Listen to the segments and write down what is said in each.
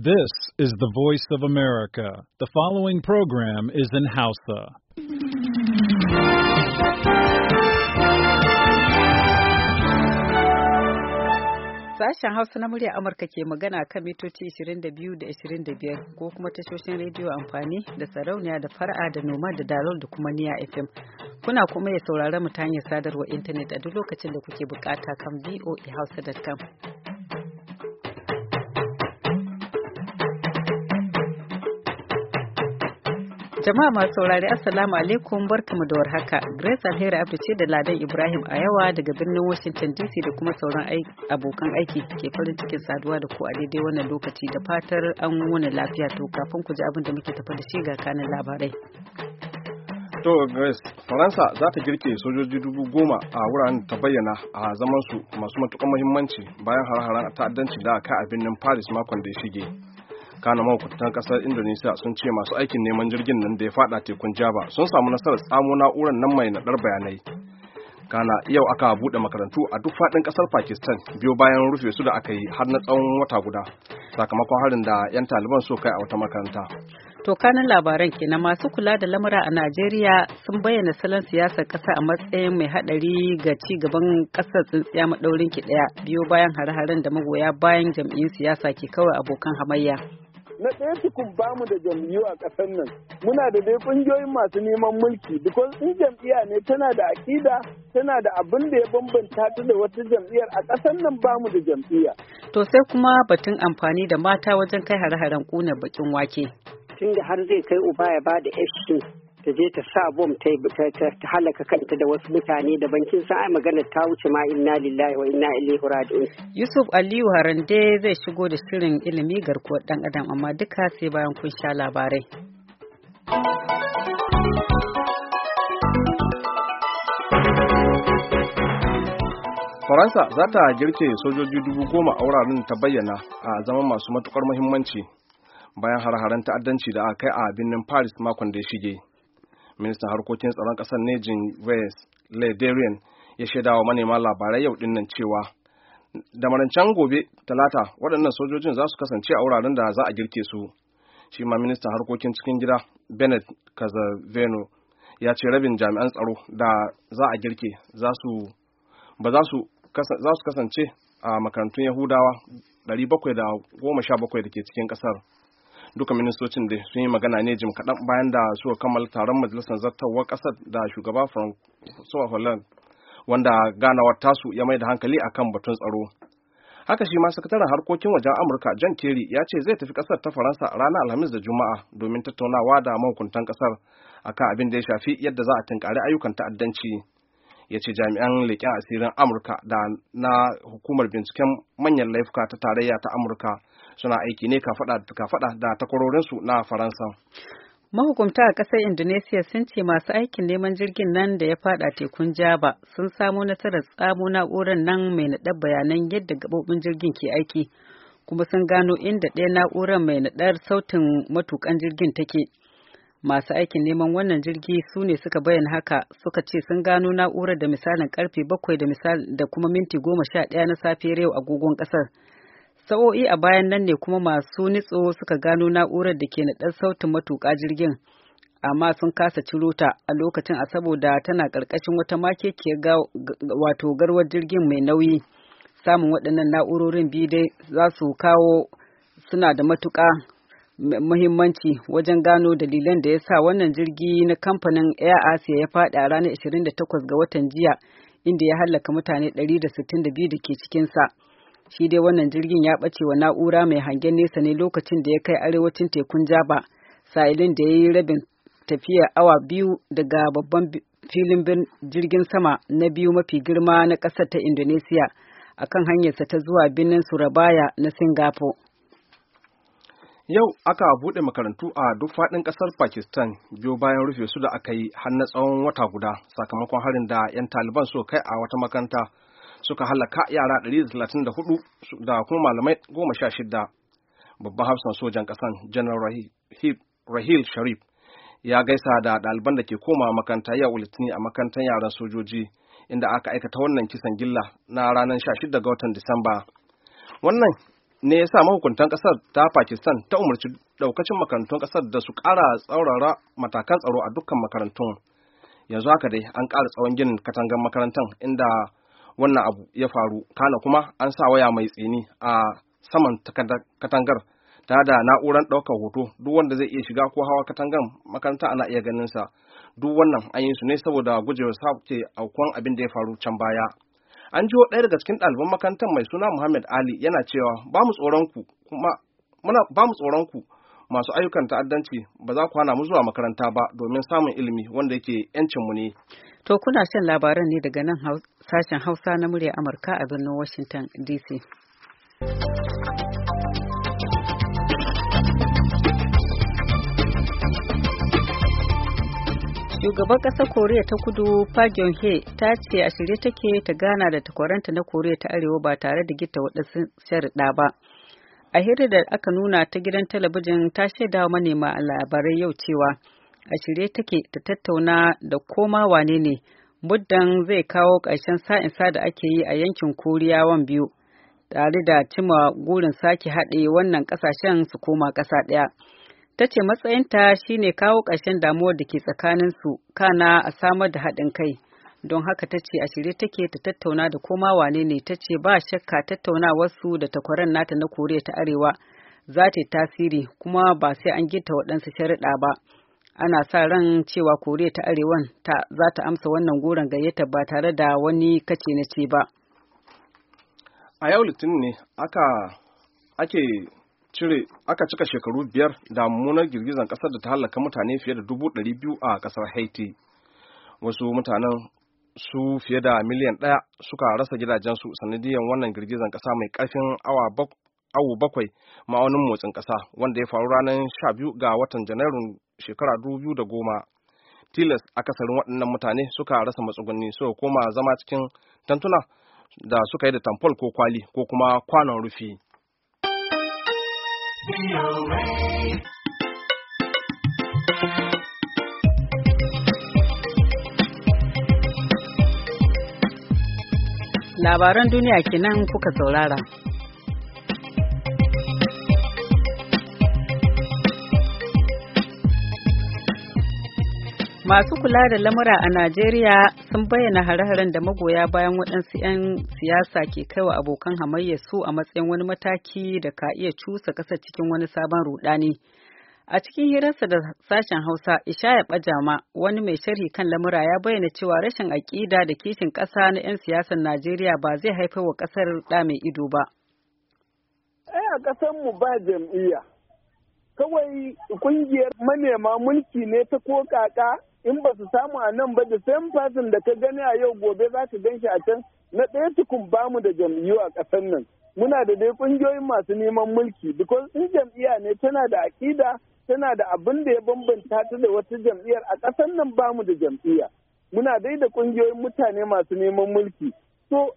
This is the voice of America. The following program is in Hausa. Sashen Hausa na murya Amurka ke magana kan mitoci 22 da 25 ko kuma tashoshin rediyo amfani da sarauniya da fara'a da noma da dalol da kuma niya FM. Kuna kuma ya saurara mutane sadarwar intanet a duk lokacin da kuke bukata kan voahausa.com. Jama'a masu saurari Assalamu alaikum barkamu da warhaka. Grace Alheri abu ce da Ladan Ibrahim a yawa daga birnin Washington DC da kuma sauran abokan aiki ke farin cikin saduwa da ku a daidai wannan lokaci da fatar an wani lafiya to kafin ku ji abin da muke tafa da shi ga kanin labarai. To Grace, Faransa za ta girke sojoji dubu goma a wuraren ta bayyana a zamansu masu matukan muhimmanci bayan har-haren ta'addanci da aka a birnin Paris makon da ya shige. kana mahukuntan kasar indonesia sun ce masu aikin neman jirgin nan da ya fada tekun java sun samu nasarar tsamo na'urar nan mai naɗar bayanai kana yau aka buɗe makarantu a duk faɗin kasar pakistan biyu bayan rufe su da aka yi har na tsawon wata guda sakamakon harin da 'yan taliban so kai a wata makaranta to kanan labaran kenan masu kula da lamura a najeriya sun bayyana salon siyasar kasa a matsayin mai haɗari ga ci gaban ƙasar tsintsiya maɗaurin ki ɗaya biyo bayan hare-haren da magoya bayan jam'iyyun siyasa ke kawai abokan hamayya na ɗaya tukun bamu da jam'iyyu a ƙasar nan muna da dai ƙungiyoyin masu neman mulki because in jam'iyya ne tana da aƙida tana da abin da ya bambanta ta da wata jam'iyyar a ƙasar nan bamu da jam'iyya. To sai kuma batun amfani da mata wajen kai hare-haren ƙunar bakin wake. Tunda har zai kai uba ya ba da ta je ta sa bom ta halaka kanta da wasu mutane da bankin sa ai magana ta wuce ma inna lillahi wa inna ilaihi raji'un Yusuf Aliyu Harande zai shigo da shirin ilimi garkuwar dan adam amma duka sai bayan kun sha labarai Faransa za ta girke sojoji dubu goma a wuraren ta bayyana a zama masu matukar muhimmanci bayan har-haren ta'addanci da aka kai a birnin Paris makon da ya shige. ministan harkokin tsaron kasar ne west Lederian ya shaida wa manema labarai yau dinnan cewa da marancan gobe talata waɗannan sojojin za su kasance a wuraren da za a girke su shi ma ministan harkokin cikin gida Bennett Kazaveno ya ce rabin jami'an tsaro da za a girke za su ba za su kasance a makarantun Yahudawa 717 da ke cikin kasar duka ministocin da sun yi magana ne jim kaɗan bayan da suka kammala taron majalisar zartarwar ƙasar da shugaba francois hollande wanda ganawar tasu ya mai da hankali akan batun tsaro haka shi ma sakataren harkokin wajen amurka john kerry ya ce zai tafi ƙasar ta faransa ranar alhamis da juma'a domin tattaunawa da mahukuntan ƙasar akan abin da ya shafi yadda za a tunkari ayyukan ta'addanci ya ce jami'an leƙen asirin amurka da na hukumar binciken manyan laifuka ta tarayya ta amurka suna aiki ne ka faɗa da takwarorinsu na faransa Mahukumta a ƙasar Indonesia sun ce masu aikin neman jirgin nan da ya fada tekun jaba sun samo nasarar tsamo na'urar nan mai naɗar bayanan yadda gaɓoɓin jirgin ke aiki, kuma sun gano inda ɗaya na'urar mai naɗar sautin matukan jirgin take. Masu aikin neman wannan jirgi su ne suka bayyana haka suka ce sun gano na'urar da misalin karfe bakwai da, kuma minti goma sha ɗaya na safe yau a agogon ƙasar. Sa'o'i a bayan nan ne kuma masu nitso suka gano na'urar da ke naɗar sautin matuƙa jirgin, amma sun kasa ciro ta a lokacin a saboda tana ƙarƙashin wata makekiyar wato garwar jirgin mai nauyi. Samun waɗannan na'urorin biyu dai za su kawo suna da matuƙa muhimmanci wajen gano dalilan da ya sa wannan jirgi na kamfanin Air Asia ya faɗi a ranar 28 ga watan jiya inda ya hallaka mutane 162 da ke cikinsa. shi dai wannan jirgin ya ɓace wa na'ura mai hangen nesa ne lokacin da ya kai arewacin tekun jaba sa'ilin da ya yi rabin tafiya awa biyu daga babban filin jirgin sama na biyu mafi girma na ƙasar ta indonesiya kan hanyarsa ta zuwa birnin surabaya na singapore yau aka buɗe makarantu a duk faɗin ƙasar pakistan biyo bayan rufe su da aka yi har na tsawon wata guda sakamakon harin da 'yan taliban suka kai a wata makaranta suka halaka yara 134 da kuma malamai 16 babban hafsan sojan kasan janar rahil sharif ya gaisa da ɗaliban da ke koma makaranta yau litinin a makarantar yaran sojoji inda aka aikata wannan kisan gilla na ranar 16 ga watan disamba wannan ne ya sa mahukuntan ƙasar ta pakistan ta umarci daukacin makarantun kasar da su kara tsaurara matakan tsaro a dukkan makarantun yanzu haka dai an ƙara tsawon ginin katangar makarantar inda wannan abu ya faru kana kuma an sa waya mai tsini a saman katangar ta da na'urar ɗaukar hoto duk wanda zai iya shiga ko hawa katangar makaranta ana iya ganin sa duk wannan an yi su ne saboda gujewa sabce aukuwan abin da ya faru can baya an jiwo ɗaya daga cikin ɗaliban makarantar mai suna muhammad ali yana cewa ba ba mu tsoron ku masu ayyukan ta'addanci ba za ku hana mu zuwa makaranta ba domin samun ilimi wanda yake mu ne. To kuna shan labaran ne daga nan sashen Hausa na murya Amurka a birnin Washington DC. Shugaban ƙasa Koriya ta kudu Park Geun-hye ta ce a shirye take ta gana da takwaranta na Koriya ta Arewa ba tare da gita waɗansu sharaɗa ba. a hira da aka nuna ta gidan talabijin ta shaida wa manema labarai yau cewa a shirye take ta tattauna da koma wane ne muddan zai kawo ƙarshen sa'insa da ake yi a yankin koriyawan biyu tare da cima gurin sake haɗe wannan ƙasashen su koma ƙasa ɗaya ta ce matsayinta shine kawo ƙarshen damuwar da ke tsakaninsu kana a samar da haɗin kai don haka ta ce a shirye take ta tattauna da koma wane ne ta ce ba shakka tattaunawarsu da takwaran nata na koriya ta arewa za ta yi tasiri kuma ba sai an gita waɗansu sharaɗa ba ana sa ran cewa koriya ta arewan ta za ta amsa wannan goron gayyata ba tare da wani kace na ce ba a yau litinin ne aka ake cire aka cika shekaru biyar da mummunar girgizar kasar da ta halaka mutane fiye da dubu ɗari biyu a kasar haiti wasu mutanen su fiye da miliyan ɗaya suka rasa gidajensu sanadiyan wannan girgizan ƙasa mai ƙarfin awu bakwai ma'aunin motsin ƙasa wanda ya faru ranar sha biyu ga watan janairun shekara dubu da goma tilas akasarin waɗannan mutane suka rasa matsugunni suka koma zama cikin tantuna da suka yi da tamfol ko kwali ko kuma kwanon rufi. Thank you. Labaran duniya kenan kuka saurara. Masu kula da lamura a Najeriya sun bayyana hare-haren da magoya bayan waɗansu 'yan siyasa ke kaiwa abokan hamayya su a matsayin wani mataki da ka iya cusa ƙasa cikin wani sabon rudani. A cikin hirarsa da sashen Hausa, Ishaya Bajama, wani mai sharhi kan lamura ya bayyana cewa rashin aƙida da kishin ƙasa na 'yan siyasar Najeriya ba zai haifar wa ƙasar ɗa mai ido ba. Ai a mu ba jam'iyya. Kawai ƙungiyar manema mulki ne ta ko kaka in ba su samu a nan ba da sayan fasin da ka gani a yau gobe za ka gan shi a can na ɗaya tukun mu da jam'iyyu a ƙasar nan. Muna da dai ƙungiyoyin masu neman mulki, because in jam'iyya ne tana da aƙida tana da abin da ya bambanta ta da wata jam'iyyar a ƙasar nan bamu da jam'iyya muna dai da ƙungiyoyin mutane masu neman mulki so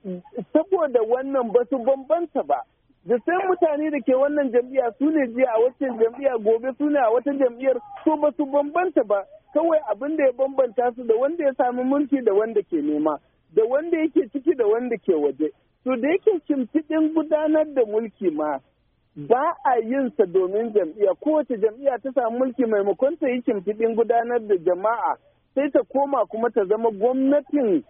saboda wannan ba su bambanta ba da sai mutane da ke wannan jam'iyya su ne jiya a wacce jam'iyya gobe su ne a wata jam'iyyar so ba su bambanta ba kawai abin da ya bambanta su da wanda ya sami mulki da wanda ke nema da wanda yake ciki da wanda ke waje to da yake cimtiɗin gudanar da mulki ma ba a yin sa domin jam'iyya kowace jam'iyya ta samu mulki maimakon ta yi kimfidin gudanar da jama'a sai ta koma kuma ta zama gwamnatin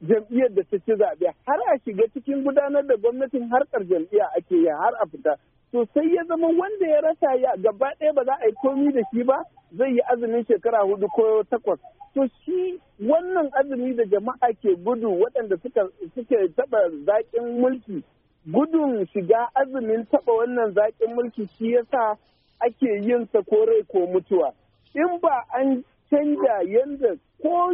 jam'iyyar da ta ci zaɓe har a shiga cikin gudanar da gwamnatin harkar jam'iyya ake yi har a fita sosai ya zama wanda ya rasa ya gaba ɗaya ba za a yi komi da shi ba zai yi azumin shekara hudu ko takwas to shi wannan azumi da jama'a ke gudu waɗanda suke taɓa zaƙin mulki gudun shiga azumin taɓa wannan zaƙin mulki shi yasa ake yin sa ko rai ko mutuwa in ba an canja yadda ko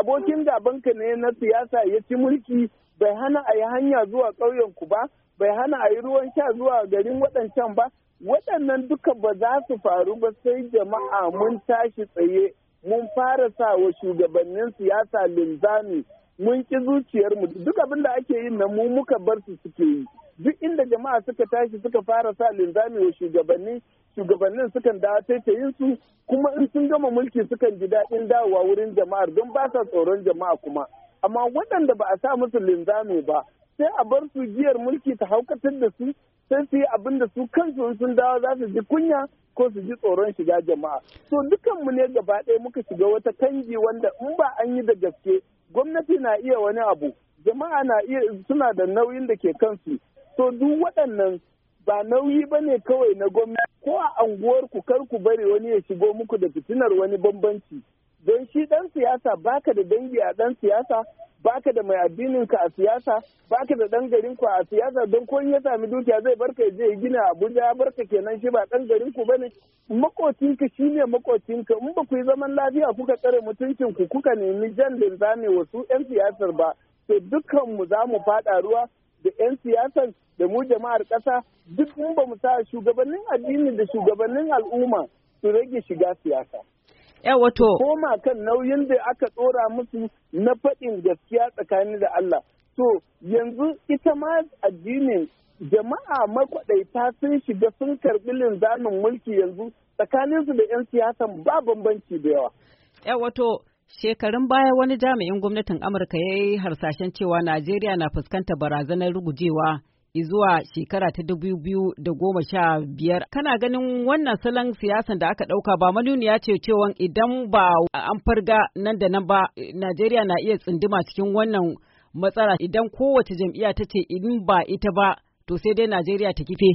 abokin gabanka ne na siyasa ya ci mulki bai hana a yi hanya zuwa ƙauyen ku ba bai hana a yi ruwan sha zuwa garin waɗancan ba waɗannan duka ba za su faru ba sai jama'a mun tashi tsaye mun fara sa wa shugabannin siyasa linzami mun ƙi zuciyarmu duk abin da ake yin nan mu muka bar su suke yi duk inda jama'a suka tashi suka fara sa linzami wa shugabanni shugabannin sukan dawo taitayin su kuma in sun gama mulki sukan ji daɗin dawowa wurin jama'ar don ba sa tsoron jama'a kuma amma waɗanda ba a sa musu linzami ba sai a bar su giyar mulki ta haukatar da su sai su yi abin da su kansu sun dawo za su ji kunya ko su ji tsoron shiga jama'a so dukanmu ne gaba ɗaya muka shiga wata kanji wanda in ba an yi da gaske gwamnati na iya wani abu jama'a na iya suna da nauyin da ke kansu so duk waɗannan ba nauyi ba ne kawai na gwamnati ko a anguwar ku kar ku bari wani ya shigo muku da fitinar wani bambanci don shi ɗan siyasa baka da dangi a ɗan siyasa baka da mai addinin ka a siyasa baka da dan garin ku a siyasa don ko ya sami dukiya zai barka ya je ya gina Abuja ya barka kenan shi ba dan garin ku bane makocin ka shine makocin ka in ba ku yi zaman lafiya kuka tsare mutuncin ku kuka nemi jan linzami wasu yan siyasar ba to dukkan mu za mu fada ruwa da 'yan siyasar da mu jama'ar kasa duk mun ba mu sa shugabannin addini da shugabannin al'umma su rage shiga siyasa. yawato to. Koma kan nauyin da aka tsora musu na faɗin gaskiya tsakanin da Allah. To yanzu ita ma addinin jama'a makwaɗaita sun shiga sun karɓi linzamin mulki yanzu tsakaninsu da 'yan siyasan ba bambanci da yawa. yawato Shekarun baya wani jami'in gwamnatin Amurka ya yi harsashen cewa Najeriya na fuskantar barazanar rugujewa zuwa shekara ta dubu biyu da goma sha biyar. Kana ganin wannan salon siyasan da aka ɗauka ba manuniya ce cewa idan ba an farga nan da nan ba Najeriya na iya tsinduma cikin wannan matsala idan kowace jam'iyya ta ce in ba ita ba to sai dai Najeriya ta kife.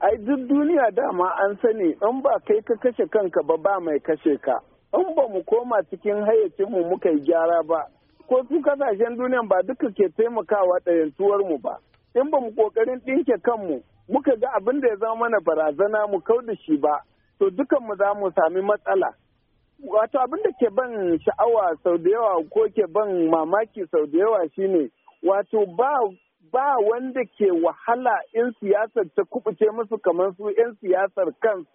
Ai duk duniya dama an sani in ba kai ka kashe kanka ba ba mai kashe ka. In ba mu koma cikin hayyacinmu muka yi gyara ba, ko su kasashen duniyan ba duka ke taimakawa ɗayantuwar mu ba. in ba mu kokarin ɗinke kanmu muka ga abin da ya zama mana barazana mu kau da shi ba to dukan mu za mu sami matsala wato abin da ke ban sha'awa sau da yawa ko ke ban mamaki sau da yawa shine wato ba wanda ke wahala in siyasar ta kubuce musu kamar su 'yan siyasar kan?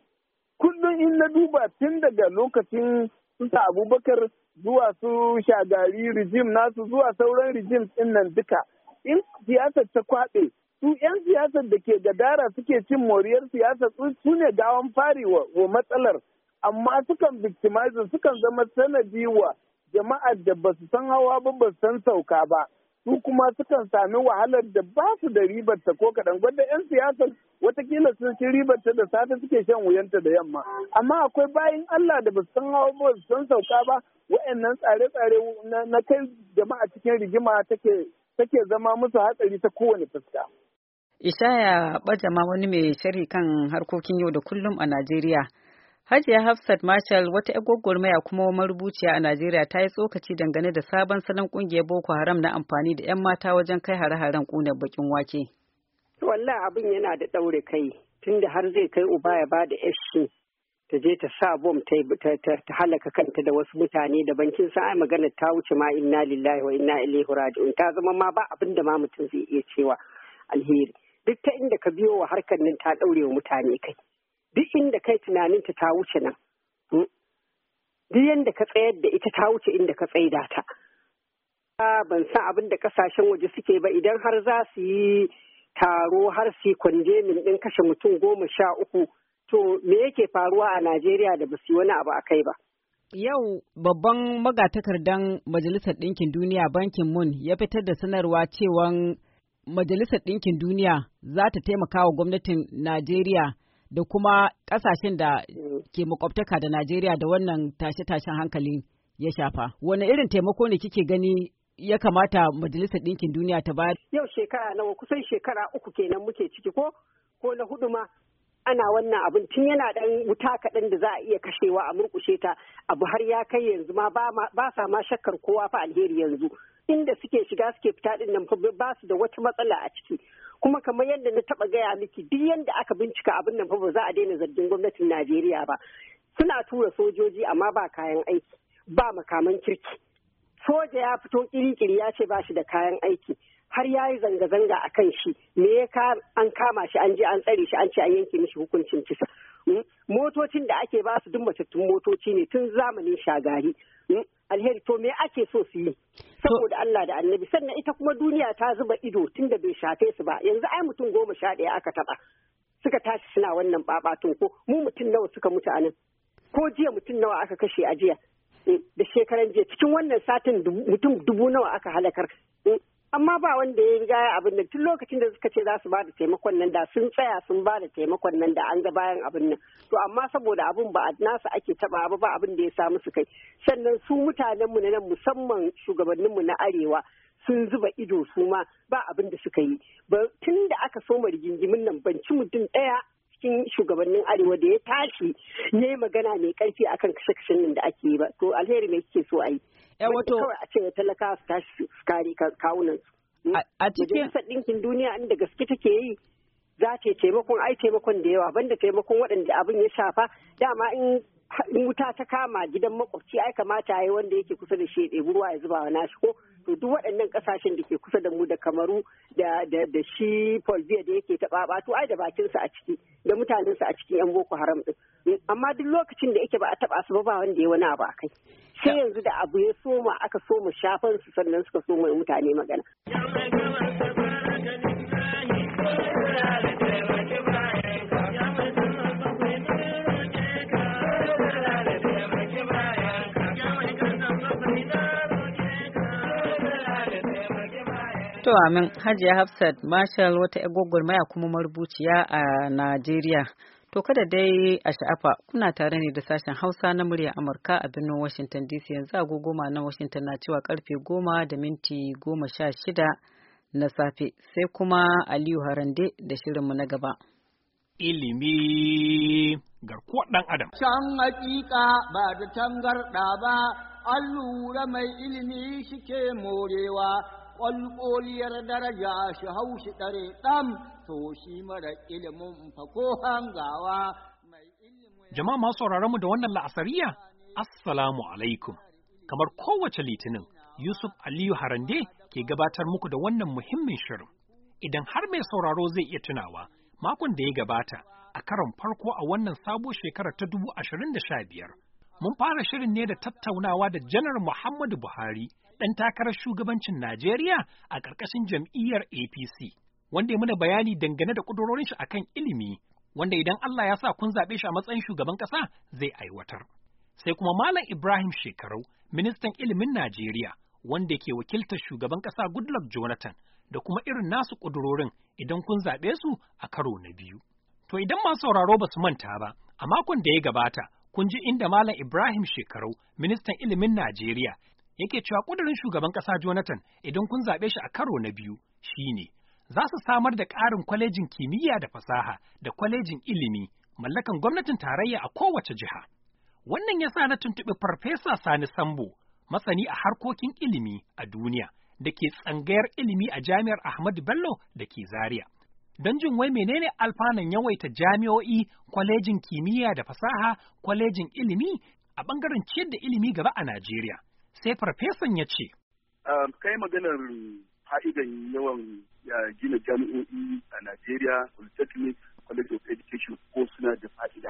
kullum in na duba tun daga lokacin sa abubakar zuwa su shagari rijim nasu zuwa sauran rijim din nan duka in siyasar ta kwaɓe su 'yan siyasar da ke gadara suke cin moriyar siyasar su ne gawan fari wa matsalar amma sukan victimize sukan zama sanadi wa jama'ar da ba su san hawa ba ba su san sauka ba su kuma sukan sami wahalar da ba su da ribarta ko kaɗan gwada 'yan siyasar watakila sun ci ribarta da safe suke shan wuyanta da yamma amma akwai bayan allah da ba su san hawa ba su san sauka ba wa'annan tsare-tsare na kai jama'a cikin rigima take take zama musu hatsari ta kowane fuska. Ishaya Bajama wani mai sharhi kan harkokin yau da kullum a Najeriya. Hajiya Hafsat Marshall wata gwagwarmaya kuma marubuciya a Najeriya ta yi tsokaci dangane da sabon salon kungiyar Boko Haram na amfani da 'yan mata wajen kai hare-haren kuna bakin wake. Wallah abin yana da ɗaure kai tunda har zai kai uba ya ba da yashi ta je ta sa bom ta halaka kanta da wasu mutane da bankin sa ai magana ta wuce ma inna lillahi wa inna ilaihi raji'un ta zama ma ba abin da ma mutum zai iya cewa alheri duk ta inda ka biyo wa harkar nan ta daure wa mutane kai duk inda kai tunanin ta ta wuce nan hmm? duk yanda ka tsayar da ita ta wuce inda ka tsaida ta ban san abin da kasashen waje suke ba idan har za su yi taro har su yi ɗin din kashe mutum goma sha uku to me yake faruwa a Najeriya da ba su yi wani abu a kai ba. Yau babban magatakardan Majalisar Ɗinkin Duniya Bankin Mun ya fitar da sanarwa cewa Majalisar Ɗinkin Duniya za ta taimaka wa gwamnatin Najeriya da kuma ƙasashen da mm. ke makwabtaka da Najeriya da wannan tashe-tashen hankali ya shafa. Wane irin taimako ne kike gani ya kamata Majalisar Ɗinkin Duniya ta bayar? Yau shekara nawa kusan shekara uku kenan muke ciki ko ko na hudu ma ana wannan abin tun yana dan wuta kaɗan da za a iya kashewa a murkushe ta abu har ya kai yanzu ma ba sa ma shakkar kowa fa alheri yanzu inda suke shiga suke fita ɗin nan fa ba su da wata matsala a ciki kuma kamar yadda na taɓa gaya miki duk yadda aka bincika abin nan fa ba za a daina zargin gwamnatin Najeriya ba suna tura sojoji amma ba kayan aiki ba makaman kirki soja ya fito kiri-kiri ya ce ba shi da kayan aiki har ya yi zanga-zanga a kan shi me ya an kama shi an je an tsare shi an ce an yanke mishi hukuncin kisa mm, motocin da ake ba su duk matattun motoci ne tun zamanin shagari mm, alheri to me ake so su yi saboda Allah da annabi sannan ita kuma duniya ta zuba ido tun da bai shafe su ba yanzu ai mutum goma sha ɗaya aka taba suka tashi suna wannan babatun ko mu mutum nawa suka mutu a nan ko jiya mutum nawa aka kashe a jiya mm, da shekaran jiya cikin wannan satin mutum dubu nawa aka halakar amma ba wanda ya riga ya abin nan tun lokacin da suka ce za su ba da taimakon nan da sun tsaya sun ba da taimakon nan da an ga bayan abin nan to amma saboda abin ba a nasa ake taba ba ba abin da ya samu su kai sannan su mutanenmu na nan musamman shugabanninmu na arewa sun zuba ido su ma ba abin da suka yi tun da aka soma rigingimin nan ban ci mutum ɗaya cikin shugabannin arewa da ya tashi ne magana mai karfi akan kashe-kashen nan da ake yi ba to alheri mai kike so a yi Eh, wato a ce talaka su tashi su kare kawunan su a cikin ɗinkin duniya inda gaske take yi za ta taimakon ai taimakon da yawa banda taimakon waɗanda abin ya shafa dama in in wuta ta kama gidan makwabci ai kamata yayi wanda yake kusa da shi ya ɗebi ruwa ya zuba wa nashi ko to duk waɗannan ƙasashen da ke kusa da mu da kamaru da da shi polvia da yake ta to ai da bakin sa a ciki da mutanen sa a cikin yan boko haram din eh, amma duk lokacin da yake ba a taba su ba ba wanda ya wani abu akai sai yanzu da abu ya soma aka soma shafan su sannan suka soma mutane magana To amin Hajiya Hafsat Marshall wata maya kuma marubuciya a Najeriya. To kada dai a sha'afa kuna tare ne da sashen Hausa na murya Amurka a birnin Washington DC yanzu agogo na Washington na cewa karfe goma da minti goma sha shida na safe sai kuma Aliyu Harande da shirinmu na gaba. Ilimi garkuwar ɗan Adam. Can hakika ba da tangarɗa ba, an lura mai ilimi shike morewa ƙwalƙoliyar daraja shi haushi ɗare ɗan to shi mara ilimin fa ko hangawa mai ilimin. Jama'a masu sauraron mu da wannan la'asariya, Assalamu alaikum. Kamar kowace litinin, Yusuf Aliyu Harande ke gabatar muku da wannan muhimmin shirin. Idan har mai sauraro zai iya tunawa, makon da ya gabata, a karon farko a wannan sabo shekarar ta dubu ashirin da sha biyar. mun fara shirin ne da tattaunawa da janar Muhammadu Buhari, ɗan takarar shugabancin Najeriya a ƙarƙashin jam'iyyar APC, wanda ya muna bayani dangane da ƙudurorin shi akan ilimi, wanda idan Allah ya sa kun zaɓe shi a matsayin shugaban ƙasa zai aiwatar. Sai kuma Malam Ibrahim shekaru ministan ilimin Najeriya, wanda ke wakiltar shugaban ƙasa Goodluck Jonathan, da kuma irin nasu ƙudurorin idan kun zaɓe su a karo na biyu. To idan masu sauraro ba su manta ba, a makon da ya gabata, kun ji inda Malam Ibrahim Shekaru, ministan ilimin Najeriya, yake cewa ƙudurin shugaban ƙasa Jonathan idan kun zaɓe shi a karo na biyu shine za su samar da ƙarin kwalejin kimiyya da fasaha da kwalejin ilimi mallakan gwamnatin tarayya a kowace jiha. Wannan ya sa na tuntuɓi Farfesa Sani Sambo, masani a harkokin ilimi a duniya da ke tsangayar ilimi a Jami'ar Ahmadu Bello da ke Zaria. don jin wai menene alfanan yawaita jami'o'i, kwalejin kimiyya da fasaha, kwalejin ilimi a bangaren ciyar da ilimi gaba a Najeriya. Sai farfesan ya ce. Ah, kai maganar fa'idan yawan gina jami'o'i a Najeriya, Polytechnic, College of Education ko suna da fa'ida.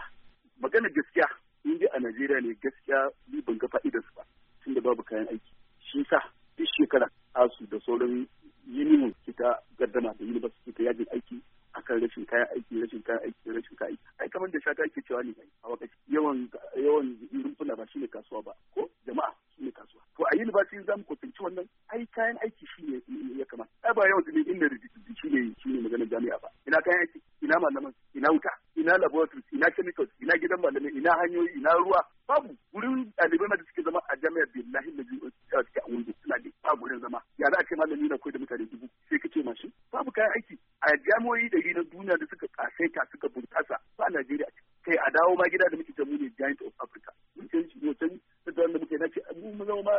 Maganar gaskiya, in a Najeriya ne gaskiya ni ban ga fa'idarsu ba, tunda babu kayan aiki. Shi sa, duk shekara, asu da sauran minimum sai ta da university ta yajin aiki akan rashin kayan aiki rashin kayan aiki rashin kayan aiki ai kamar da shata ke cewa ne a wakaci yawan yawan rumfuna ba shine kasuwa ba ko jama'a shine kasuwa to a yi libasi za mu kwatanci wannan ai kayan aiki shine ya kamata ai ba yawan dalilin inda rikici shine shine maganar jami'a ba ina kayan aiki ina malaman ina wuta ina laboratories ina chemicals ina gidan malamai ina hanyoyi ina ruwa babu wurin ɗalibai ma da suke zama a jami'ar billahi da biyu a cikin a wundu suna da babu wurin zama ya za a ce malami na koyar da mutane dubu sai ce mashin babu kayan aiki a jamoyi da na duniya da suka kasaita suka bunkasa ba Najeriya kai a dawo ma gida da muke ta ne giant of Africa mun ce hoton da wanda muke na ce mu zama ma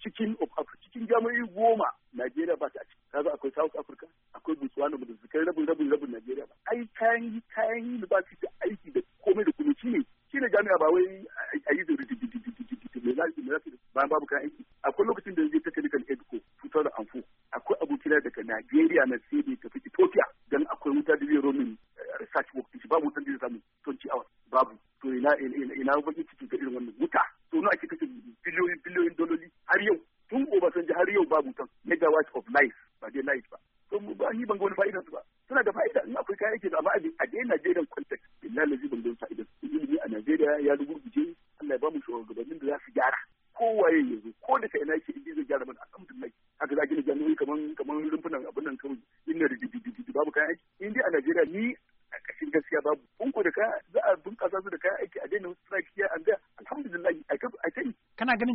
cikin of Africa cikin jamoyi goma Najeriya ba ta ciki kaza akwai South Africa akwai Botswana da su kai rabin rabin rabin Najeriya ba ai kayan kayan university aiki da komai da komai shine shine jami'a ba wai a yi da me za me za ba babu kayan aiki akwai lokacin da zai technical da Amfu. akwai abokina daga Najeriya na sai da tafi na baki ciki ga irin wannan wuta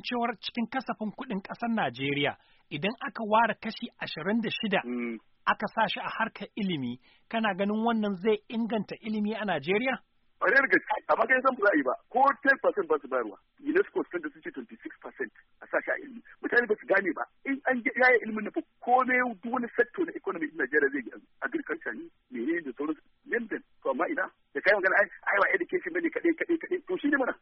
cewar cikin kasafin kuɗin ƙasar Najeriya idan aka ware kashi ashirin da shida mm. aka sa shi a harkar ilimi kana ganin wannan zai inganta ilimi a Najeriya? wani da gaske, amma kai san ba yi ba, ko 10% ba su bayarwa. UNESCO sun da sun ce 26% a sa shi a ilimi. Mutane ba su gane ba, in an yaya ilimin na ne duk wani sector na economy in Najeriya zai gina Agriculture ne, ne da sauransu, London, to amma ina, da kayan magana ai, ai ba education bane kaɗai kaɗai kaɗai, to shi ne mana.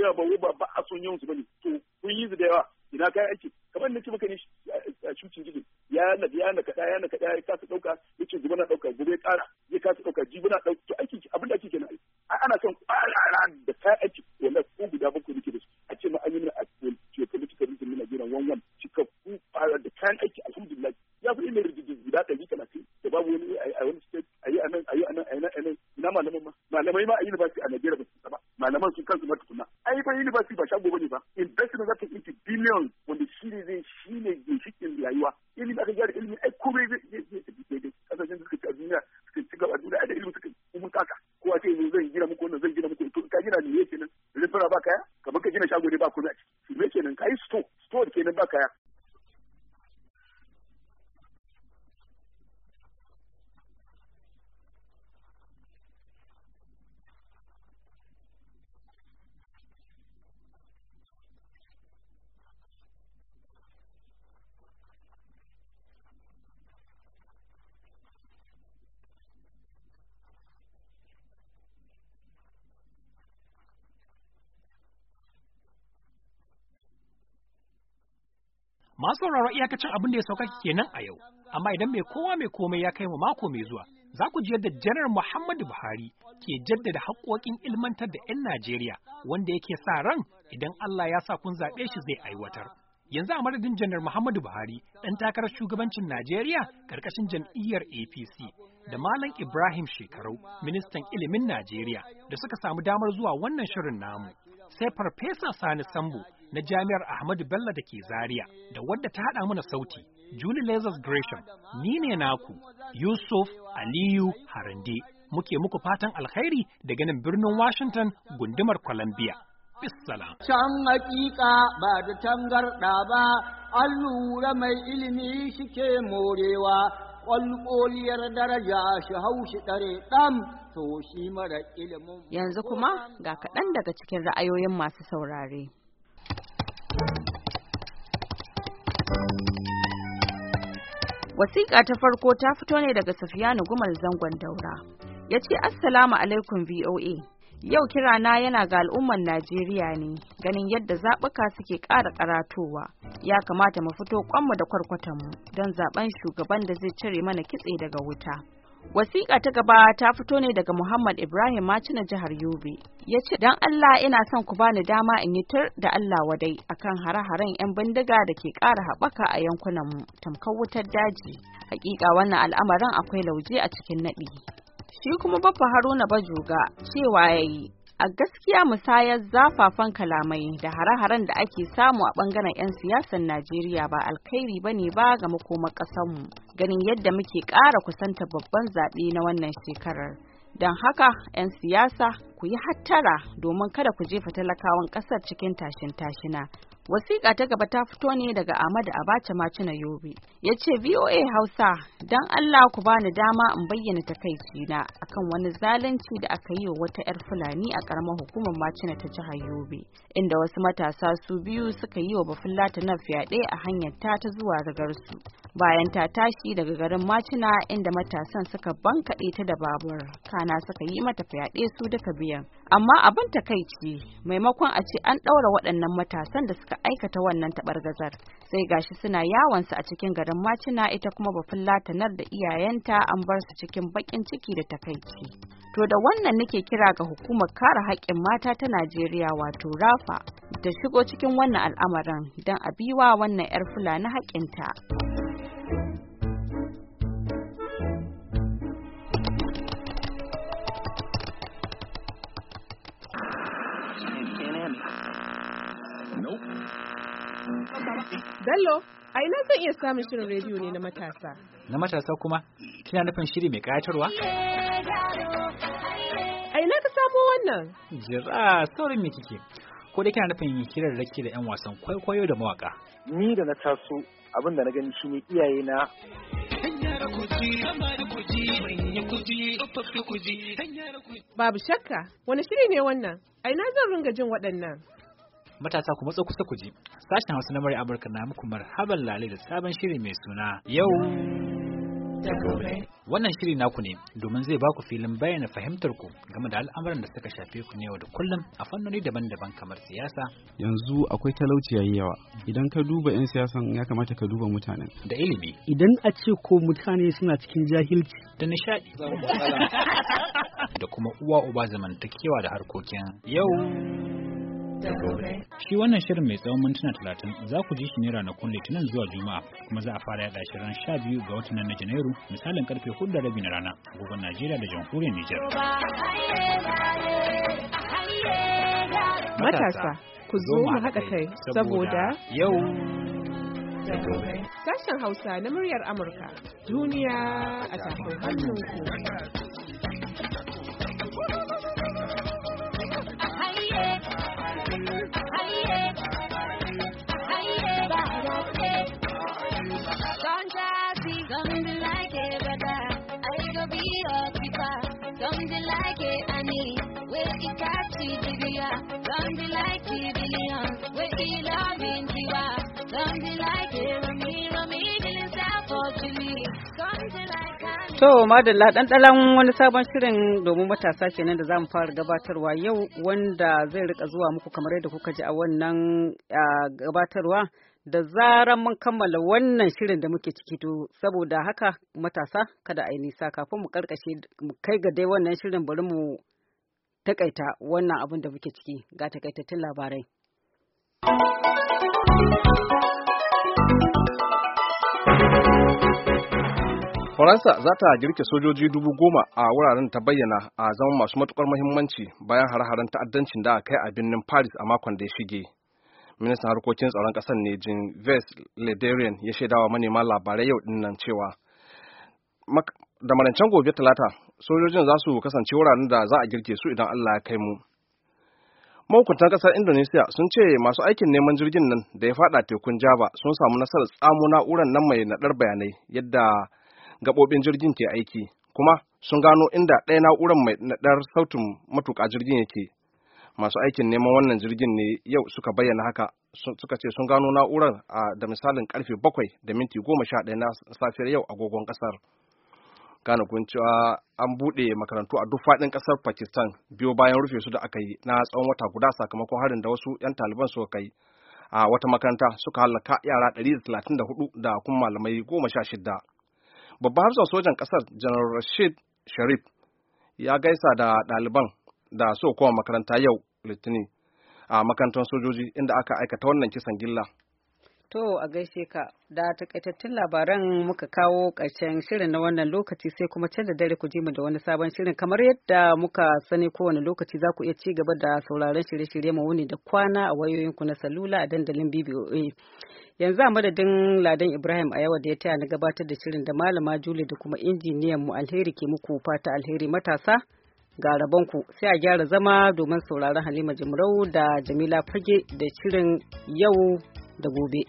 cewa ba ba ba a son yawan su bane to kun yi su da yawa ina kai aiki kamar nake maka ne a cucin jigin ya na ya na kada ya na kada ya kasa dauka yace gobe na dauka gobe kara ya kasa dauka jibi na dauka to aiki abin da ake kenan ana son kwarara da kai aiki wallahi ko guda bakwai nake da su a ce ma an yi a geopolitical reason na Najeriya wan wan cika ku fara da kayan aiki alhamdulillah ya fi ina rigidi guda ɗari talatin da babu wani a wani state a yi a nan a yi a nan a yi a nan ina malaman ma malamai ma a yi su a Najeriya ba su ba malaman su kansu ma gobe ne ba Masu sauraro iyakacin abin da ya sauka kenan a yau, amma idan mai kowa mai komai ya kai mu mako mai zuwa, za ku ji yadda Janar Muhammadu Buhari ke jaddada haƙoƙin ilmantar da 'yan Najeriya wanda yake sa ran idan Allah ya sa kun zaɓe shi zai aiwatar. Yanzu a madadin Janar Muhammadu Buhari, ɗan takarar shugabancin Najeriya ƙarƙashin jam'iyyar APC, da Malam Ibrahim Shekarau, ministan ilimin Najeriya, da suka samu damar zuwa wannan shirin namu. sai Farfesa Sani Sambo na Jami'ar Ahmadu Bello da ke Zaria da wadda ta haɗa mana sauti, Julie Lazarus Gresham, ni ne naku, Yusuf Aliyu Harande. Muke muku fatan alkhairi da ganin birnin Washington gundumar Columbia. Bissalam. Can hakika ba da tangarɗa ba, allura mai ilimi shike morewa, ƙwalƙoliyar daraja shi haushi ɗare ɗan. yanzu kuma ga kaɗan daga cikin ra'ayoyin masu saurare wasiƙa ta farko ta fito ne daga safiyanu gumal zangon daura ya ce assalamu alaikum voa yau na yana ga al'ummar najeriya ne ganin yadda zaɓuka suke ƙara ƙaratowa, ya kamata mu fito kwanmu da kwarkwatanmu don zaɓen shugaban da zai cire mana kitse daga wuta Wasiƙa ta gaba ta fito ne daga Muhammad Ibrahim na jihar Yobe. Ya ce, "Don Allah ina son ku bani dama in yi tur da Allah wadai akan hare-haren 'yan bindiga da ke ƙara haɓaka a yankunanmu tamkar wutar daji. Hakika wannan al'amarin akwai lauje a cikin naɗi." Shi kuma Baffa Haruna Bajoga cewa ya yi, a gaskiya musayar zafafan kalamai da hare-haren da ake samu a bangaren 'yan siyasar najeriya ba alkhairi ba ne ba ga makomar ƙasarmu ganin yadda muke ƙara kusanta babban zaɓe na wannan shekarar don haka 'yan siyasa ku yi hattara domin kada ku jefa talakawan ƙasar cikin tashin-tashina Wasiƙa ta gaba ta fito ne daga Ahmadu Abacha Macina Yobe. Ya ce VOA Hausa don Allah ku bani dama in bayyana ta kai na akan wani zalunci da aka yi wa wata 'yar Fulani a ƙaramar hukumar Macina ta jihar Yobe. Inda wasu matasa su biyu suka yi wa ta na fyaɗe a hanyar ta ta zuwa rigarsu. Bayan ta tashi daga garin Macina inda matasan suka bankaɗe ta da babur kana suka yi mata fyaɗe su duka biyan. amma abin takaici maimakon a ce an ɗaura waɗannan matasan da suka aikata wannan taɓargazar sai gashi suna yawonsu a cikin garin macina ita kuma bafin latanar da iyayenta an bar su cikin baƙin ciki da takaici to da wannan nake kira ga hukumar kare haƙƙin mata ta najeriya wato rafa da shigo cikin wannan al'amarin don a biwa wannan 'yar fulani haƙƙinta. Bello, a ina zan iya samun shirin rediyo ne na matasa. Na matasa kuma, kina nufin shiri mai kayatarwa? A ina ka samo wannan? Jira, saurin mai kike? Ko da kina nufin kiran rake da 'yan wasan kwaikwayo da mawaka? Ni da na taso abin da na gani shi ne iyaye na Babu shakka, wani shiri ne wannan? A ina zan ringa jin waɗannan? matasa ku matso kusa ku ji sashen hausa na murya amurka na muku marhaban lalai da sabon shiri mai suna yau wannan shiri naku ne domin zai baku filin bayyana fahimtar ku game da al'amuran da suka shafe ku ne yau da kullum a fannoni daban-daban kamar siyasa yanzu akwai talauci yayi yawa idan ka duba 'yan siyasan ya kamata ka duba mutanen da ilimi idan a ce ko mutane suna cikin jahilci da nishadi da kuma uwa uba zamantakewa da harkokin yau Shi wannan shirin mai tsawon mintuna talatin za ku ji shi ne ranakun litinin zuwa juma'a kuma za a fara yada shi ran sha biyu ga watan na janairu misalin karfe hudu da rabi na rana agogon Najeriya da jamhuriyar Nijar. Matasa, ku zo mu haɗa kai saboda yau Sashen Hausa na muryar Amurka, duniya a tafin hannunku. To madalla ɗanɗalan wani sabon shirin domin matasa kenan da za mu fara gabatarwa yau wanda zai rika zuwa muku kamar yadda kuka ji a wannan gabatarwa da zaran mun kammala wannan shirin da muke ciki to saboda haka matasa kada a yi nisa kafin mu karkashe mu kai ga dai wannan shirin bari mu takaita wannan abin da muke ciki ga takaitattun labarai. Faransa za ta girke sojoji dubu goma a wuraren ta bayyana a zaman masu matukar muhimmanci bayan hare-haren ta'addancin da aka kai a birnin Paris a makon da ya shige. Ministan harkokin tsaron ƙasar ne jean ves Le ya shaidawa manema labarai yau dinnan cewa da marancen gobe talata sojojin za su kasance wuraren da za a girke su idan Allah ya kai mu. Mahukuntan ƙasar Indonesia sun ce masu aikin neman jirgin nan da ya faɗa tekun Java sun samu nasarar tsamo na'urar nan mai naɗar bayanai yadda gaɓoɓin jirgin ke aiki, kuma sun gano inda ɗaya na'urar mai naɗar sautin matuƙa jirgin yake. Masu aikin neman wannan jirgin ne yau suka bayyana haka suka ce sun gano na'urar da misalin karfe bakwai da minti goma sha ɗaya na safiyar yau agogon ƙasar. Gane kun cewa an buɗe makarantu a duk faɗin ƙasar Pakistan biyo bayan rufe su da aka yi na tsawon wata guda sakamakon harin da wasu 'yan taliban suka kai a wata makaranta suka halaka yara 134 da kuma malamai 16. Babban hafsan sojan ƙasar General Rashid Sharif ya gaisa da ɗaliban da so koma makaranta yau Litinin a makarantar sojoji inda aka aikata wannan kisan gilla To a gaishe ka da takaitattun labaran muka kawo ƙarshen shirin na wannan lokaci sai kuma can da dare ku ji mu da wani sabon shirin kamar yadda muka sani kowane lokaci za ku iya ci gaba da sauraron shirye-shirye mu wuni da kwana a wayoyin ku na salula a dandalin BBOA. Yanzu a madadin Ladan Ibrahim a yawa da ya taya na gabatar da shirin da malama Juli da kuma injiniyan mu alheri ke muku fata alheri matasa ga rabonku sai a gyara zama domin sauraron Halima Jimrau da Jamila Fage da shirin yau da gobe.